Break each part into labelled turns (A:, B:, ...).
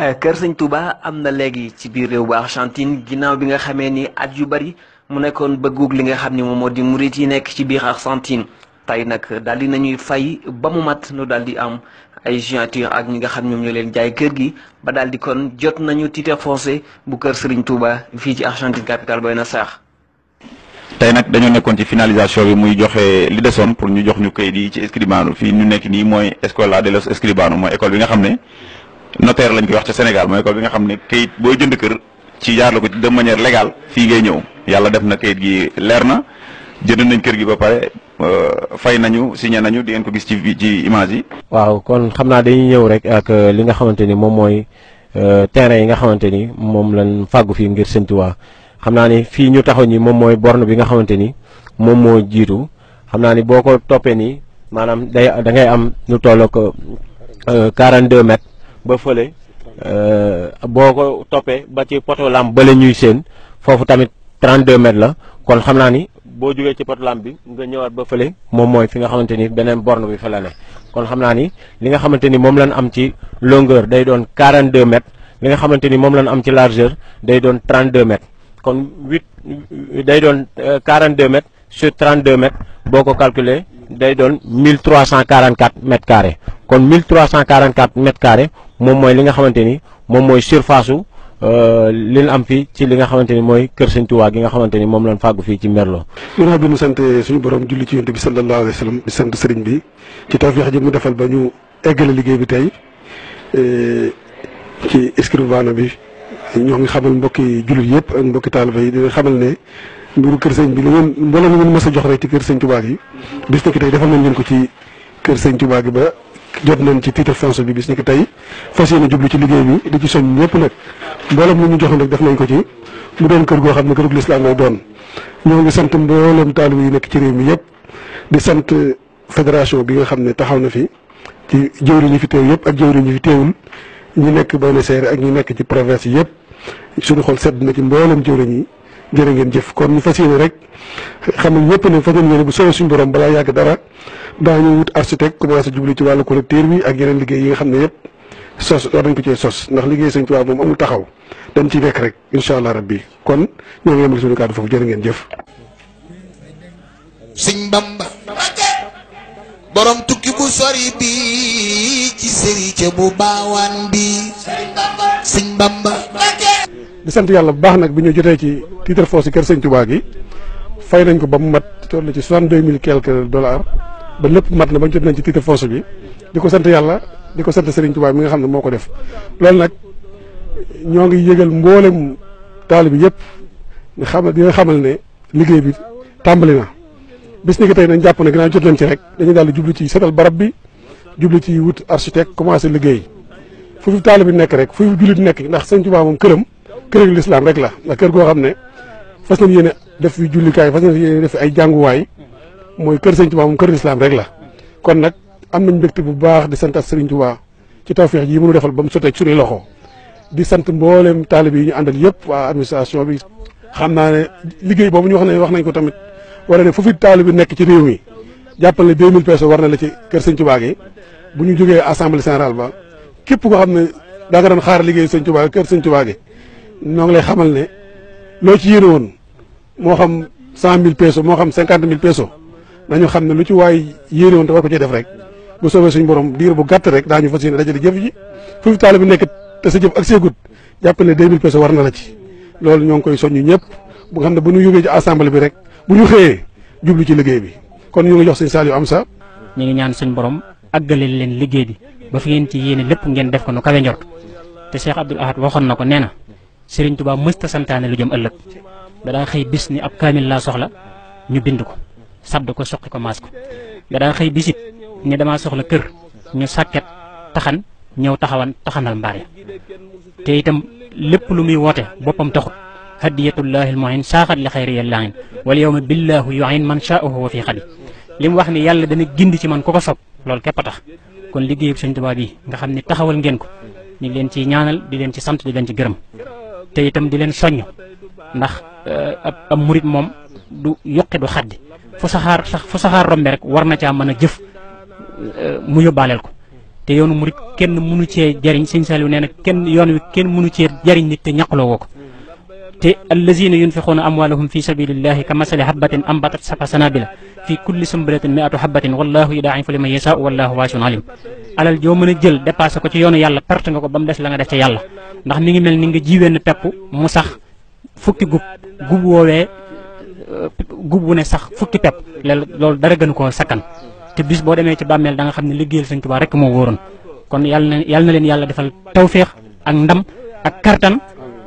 A: Eh, kër Sëñ Touba am na léegi ci biir réew bu Argentine ginnaaw bi nga xamee ni at yu bari mu nekkoon bëggug li nga xam ni moom moo di murit yi nekk ci biir Argentine tey nag daal fay ba mu mat nu daal di am ay jointure ak ñi nga xam ñoom ñoo leen jaay kër gi ba daal di kon jot nañu titre foncier bu Kër Sëriñ Touba fii ci Argentine capitale Buenos Aires. tey nag dañoo nekkoon ci finalisation bi muy joxe li desoon pour ñu jox ñu kayit yi ci Escribano fii ñu nekk nii mooy Escuela de los Escribano mooy école bi nga xam ne. notaire lañ koy wax ca Sénégal mooy ko bi nga xam ne kayit booy jënd kër ci jaar la ko de manière légale fii ngay ñëw yàlla def na kayit gi leer na jënd nañ kër gi ba pare euh, fay nañu signé nañu di ngeen ko gis ci ci image yi.
B: waaw kon xam naa dañuy ñëw rek ak euh, li nga xamante ni moom mooy euh, terrain yi nga xamante ni moom lañ fàggu fii ngir Sëñ Tuubaa xam naa ni fii ñu taxaw ñi moom mooy borne bi nga xamante ni moom moo jiitu xam naa ni boo ko toppee nii maanaam day da ngay am lu toll ak 42 ba fële euh, boo ko toppee ba ci poto lampe bële ñuy seen foofu tamit deux mètres la kon xam naa ni boo jugee ci poto lampe bi nga ñëwaat ba fële moom mooy fi nga xamante ni beneen borne bi fa la kon xam naa ni li nga xamante ni moom lañ am ci longueur day doon 42 mètres li nga xamante ni moom lañ am ci largeur day doon 32 mètres kon 8 day doon 42 euh, mètres sur 32 mètres boo ko calculer day doon 1344 mètres carrés kon 1344 mètres carrés. moom mooy li nga xamante ni moom mooy surface su euh, li am fii ci li nga xamante ni mooy kër sëñ Tuubaa gi nga xamante ni moom lañ fàggu fii ci Merlo.
C: ginnaaw bi ñu sante suñu borom julli ci yonent bi sallallahu alayhi wa sallam di sant sëriñ bi ci tawfeex ji mu defal ba ñu eggale liggéey bi tey eh, ci escrivano bi ñoo ngi xamal mbokki jullit yëpp ak mbokki taaliba yi dina xamal ne mbiru kër sëñ bi li ngeen mbooloo mi ngeen mës a jox rek ci kër sëñ Tuubaa gi bis nekk tey defal nañ leen ko ci kër sëñ tu gi ba. jot nañ ci titre foncier bi bis ni ki tey fas yéene jublu ci liggéey bi di ci soñ ñëpp nag mboolem lu ñu rek def nañ ko ci mu doon kër goo xam ne kërug lislaam lay doon ñoo ngi sant mboolem taalib yi nekk ci réew mi yëpp di sant fédération bi nga xam ne taxaw na fi ci jëwri ñu fi teew yëpp ak jëwri ñu fi teewul ñi nekk Buenos Aires ak ñu nekk ci province yëpp suñu xol sedd na ci mboolem jëwri ñi jërë ngeen jëf kon ñu fas yéene rek xam ne ñëpp ne fas yéene bu soobee suñu borom balaa yàgg dara daañu wut architecte commencé jublu ci wàllu collecteur bi ak yeneen liggéey yi nga sos war nañ ko sos ndax liggéey Sëñ Tuubaa moom amul taxaw dañ ci nekk rek allah rabbi kon ñoo ngi yemal suñu kàddu foofu jërë ngeen jëf. Sëñ Bamba borom tukki bu sori bi ci sëriñ bu baawaan bi Sëñ Bamba. di sant yàlla bu baax nag bi ñu jotee ci titre foncier kër Sëñ Tuubaa gi fay nañ ko ba mu mat toll ci soixante quelque dollars. ba lépp mat na ba jot nañ ci titre foncier bi di ko sant yàlla di ko sant Serigne Touba mi nga xam ne moo ko def loolu nag ñoo ngi yëgal mboolem taalib yëpp nga xam dina xamal ne liggéey bi tàmbali na. bis ni nañ jàpp ne gannaaw jot nañ ci rek dañuy daal di jublu ci setal barab bi jublu ci wut architecte commencé liggéey fu fi bi nekk rek fu fi jullit nekk ndax Serigne Touba moom këram këram lislaam rek la ndax kër koo xam ne fas nañ yéene def fi jullikaay fas nañ yéene def ay jànguwaay. mooy kër sëñ Tuubaa moom kër lislaam rek la kon nag am nañ mbégte bu baax di sant ak sëriñ Tuubaa ci tawféex yi mënu defal ba mu sottee ci loxo di sant mboolem taalib yi ñu àndal yëpp waa administration bi xam naa ne liggéey boobu ñu wax ne wax nañ ko tamit wala ne fu fi taalib bi nekk ci réew mi jàppal ne 2000 pesos war na la ci kër sëñ Tuubaa gi bu ñu jógee assemblée générale ba képp koo xam ne daa nga doon xaar liggéey sëñ Tuubaa kër sëñ Tuubaa gi noo ngi lay xamal ne loo ci yéene woon moo xam 100000 pesos moo xam 50000 pesos nañu xam ne lu ci waay yéene woon te war ko ci def rek bu soobee suñu borom diir bu gàtt rek daañu fas yéene dajale jëf ji foofu taali bi nekk te sa jëf ak seegut jàpp ne 2000 pesos war na la ci loolu ñoo ngi koy soññu ñëpp
D: bu nga xam ne bu ñu yóbbee
C: ci assemblée bi rek bu ñu xëyee jublu ci liggéey bi kon ñu ngi jox sëñ Saliou Amsa
D: ñu ngi ñaan suñu borom àggale leen liggéey bi ba fi ngeen ci yéene lépp ngeen def ko nu kawe njort te Cheikh Abdoul na ko nee na Serigne Touba mësta santaane lu jëm ëllëg da daa xëy bis ni ab ñu bind ko sabd ko soqi ko maas ko nga daa xëy bisit ñu damaa soxla kër ñu sàkket taxan ñëw taxawan taxanal mbaar ya te itam lépp lu muy woote boppam taxut hadiyatullahi almuhin saaxat li xayri yallaahin wal yawma billaahu yuhin man shaahu wa fii xadi li mu wax ni yàlla dana gindi ci man ku ko sob loolu képp a tax kon liggéeyub Sëñ Tuubaa bi nga xam ni taxawal ngeen ko ñu leen ciy ñaanal di leen ci sant di leen ci gërëm te itam di leen soññ ndax euh, ab murit moom du yoqi du xaddi fu saxaar sax fu saxaar rombe rek war na caa mën a jëf euh, mu yóbbaaleel ko te yoonu murit kenn mënu cee jariñ sëñ Saliou nee na kenn yoon wi kenn mënu cee jariñ nit te ñaqloo woo ko te allazina yunfiquuna amwaalahum fi sabilillahi ka masali habatin ambatat saba sanabila fi kulli sumbulatin miatu habatin wallahu yudaa'ifu liman yasaa wallahu waasiun alim alal joo mën a jël dépassé ko ci yoonu yàlla perte nga ko ba mu des la nga def ca yàlla ndax mi ngi mel gub wu ne sax fukki pepp loolu dara gënu koo sakkan te bis boo demee ci bàmmeel da nga xam ne liggéeyal sëñ Tuubaa rek moo wóoroon kon yàlla na yàlla na leen yàlla defal tawféex ak ndam ak kartan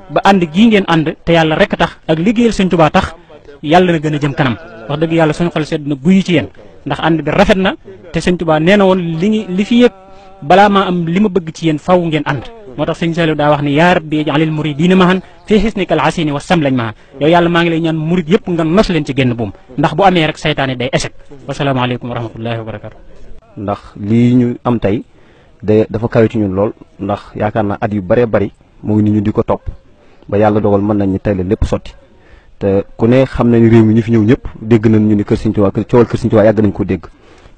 D: ba ànd gii ngeen ànd te yàlla a tax ak liggéeyal sëñ Tuubaa tax yàlla na gën a jëm kanam wax dëgg yàlla suñu sedd na guyu ci yéen ndax ànd bi rafet na te sëñ Tuubaa nee na woon li li fi yëg Bala ma am li ma bëgg ci yeen faaw ngeen and motax seigne sëñ da wax ni yar bi ma han fi hisni kal asini was sam lañ ma yow yalla ma ngi lay ñaan murid yëpp nga nos leen ci genn buum ndax bu amé rek saytaane day échec wasalaamaaleykum wa rahmatullahi wa barakatuh
A: ndax li ñu am tay, dafa kawe ci ñun lool ndax yaakaar naa at yu bëree bëri mo ngi ñu diko top ba yalla dogal man nañ ni tay lepp soti te ku ne xam nañ réew mi ñu fi ñew ñëpp dégg nañ ñu ni seigne touba keur ciowal keur seigne touba yag nañ ko dégg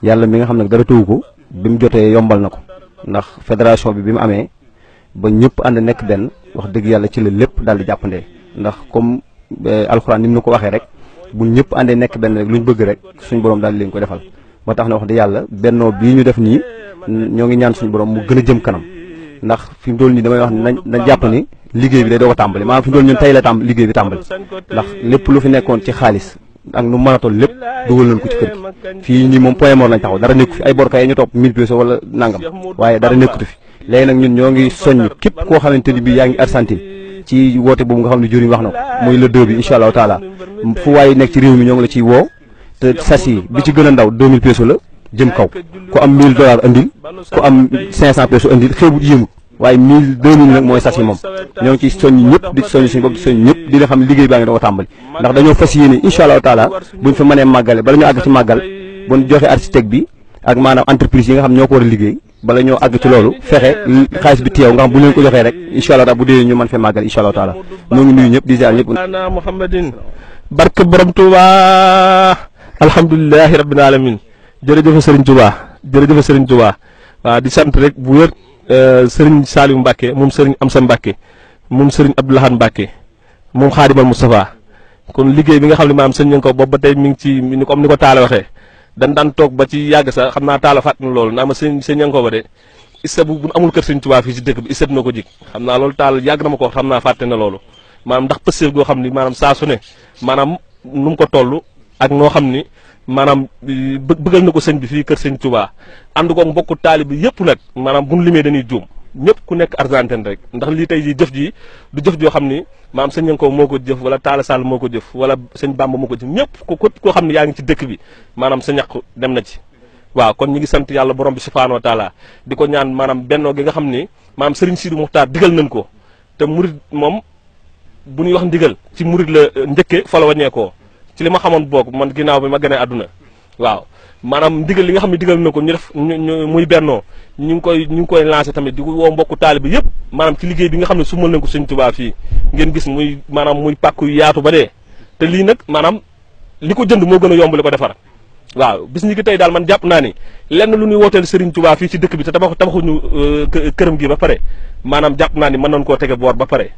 A: yalla mi nga xam nak dara tëwu bimu bi yombal nako ndax fédération bi bi mu amee ba ñëpp ànd nekk benn wax dëgg yàlla ci la lépp daal di jàppandee ndax comme eh, alxuraan ni mu ko waxee rek bu ñëpp àndee nekk benn rek lu ñu bëgg rek suñu borom daal di leen ko defal ba tax na wax dëgg yàlla bennoo bii ñu def nii ñoo ngi ñaan suñu borom mu gën a jëm kanam ndax fi mu dool nii damay wax ne na jàpp ni liggéey bi day doo ko tàmbali maanaam fi mu dool tey la tàmbali liggéey bi tàmbali ndax lépp lu fi nekkoon ci xaalis ak nu mën lépp dugal nañ ko ci kër gi fii nii moom point mort lañ taxaw dara nekku fi ay borka yi ñu topp 1000 pesos wala nangam waaye dara nekkutu fi léegi nag ñun ñoo ngi soññ képp koo xamante ni bii yaa ngi Argentine ci woote boobu nga xam ne juriñ wax na ko muy le deux bi incha allahu taala fu waaye nekk ci réew mi ñoo ngi la ciy woo te sas bi ci gën a ndaw 2000 pesos la jëm kaw ku am 1000 dollars andil ku am 500 pesos andil xeebut yéemut waaye mii deux nag mooy sas yi moom ñoo ngi ciy soññ ñëpp di soññ suñu bopp di soññ ñëpp di nga xam liggéey baa ngi doon ko tàmbali ndax dañoo fas yéene incha allahu taala buñ fa mënee màggale bala ñu àgg ci màggal buñ joxe architecte bi ak maanaam entreprise yi nga xam ñoo ko liggéey bala ñoo àgg ci loolu fexe xaalis bi teew nga xam bu leen ko joxee rek incha allah bu dee ñu mën fee màggal incha allahu taala ñoo ngi nuyu ñëpp di ziar ñëpp.
E: Muhammadin barke borom Tuuba alhamdulilahi rabbil alamin jërëjëf Sëriñ Tuuba jërëjëf Sëriñ Tuuba waaw di sant rek bu wér Euh, sëriñ Saliou Mbacke moom sëriñ Amsa Mbacke moom sëriñ ab Abdoulahad Mbacke moom xaadimal Moustapha kon liggéey bi nga xam ne maam sëñ ñu ko boobu ba tey mi ngi ci ni comme ni ko Talla waxee dañ daan toog ba ci yàgg sax naa Talla fàttali loolu naa ma sëñ sëñ ña ko ba de ista bu bu amul kër sëñ Tuubaa fii ci dëkk bi istab na ko jig xam naa loolu taal yàgg na ma ko wax xam naa fàtte na loolu maanaam ndax pëstéef goo xam ni maanaam saa su ne maanaam nu mu ko toll ak noo xam ni maanaam bëggal na ko sëñ bi fii kër sëñ Touba ànd ko mbokku taali bi yëpp nag maanaam bu ñu limee dañuy juum ñëpp ku nekk Argentine rek ndax lii tey jii jëf ji du jëf joo xam ni maam sëñ Yankoba moo ko jëf wala taala Sall moo ko jëf wala sëñ Bamba moo ko jëf ñëpp ko képp koo xam ne yaa ngi ci dëkk bi maanaam sa dem na ci. waa kon ñu ngi sant yàlla borom bi subhaanahu wa taala di ko ñaan maanaam bennoo gi nga xam ni maam Serigne Sidou Muxtaar digal nañ ko te murid moom ñuy wax ndigal ci murid la uh, njëkke fa la ci li ma xamoon boog man ginnaaw bi ma gënee àdduna waaw maanaam ndigal li nga xam ne digal na ko ñu def muy bennoo ñu ngi koy ñu ngi koy lancé tamit di woo mbokku taalibe yëpp maanaam ci liggéey bi nga xam ne sumal nañ ko Sëñ Tuubaa fii ngeen gis muy maanaam muy pàkk yu yaatu ba dee te lii nag maanaam li ko jënd moo gën a yomb li ko defar waaw bis ñi ki tey daal man jàpp naa ni lenn lu ñuy wooteel sëriñ Touba fii ci dëkk bi te tabax tabaxuñu euh, këram gi ba pare maanaam jàpp naa ni mën nañ koo tege boor ba pare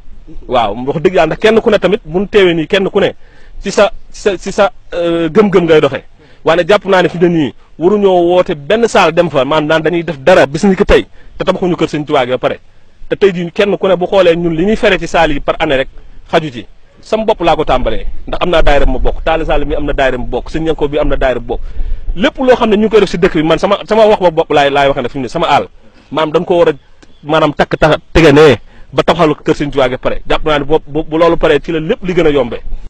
E: waaw wax dëgg yàlla kenn ku ne tamit bu ñu nii kenn ku ne ci sa ci sa ci sa euh, gëm-gëm ngay doxee waaye jàpp naa ne fi mu ne nii waruñoo woote benn saal dem fa maanaam daan dañuy def dara bis ni ko tey te tabaxuñu kër Sëñ Tuubaa ba pare te tey jii kenn ku ne bu xoolee ñun li ñuy fere ci saal yi par année rek xaju ci laa ko tàmbalee ndax am naa daayira ma bokk taali saal mi am na daayira ma bokk sëñ ñanko bi am na daayira ma bokk lépp loo ne ñu ngi def si dëkk bi man sama sama wax ba bopp laay laay wax ne fi mu dañ ko war a maanaam takk tax
B: teganee ba tabaxal kër Sëñ Tuubaa ba pare jàpp naa ne bu loolu paree ci la lépp li gën a yombee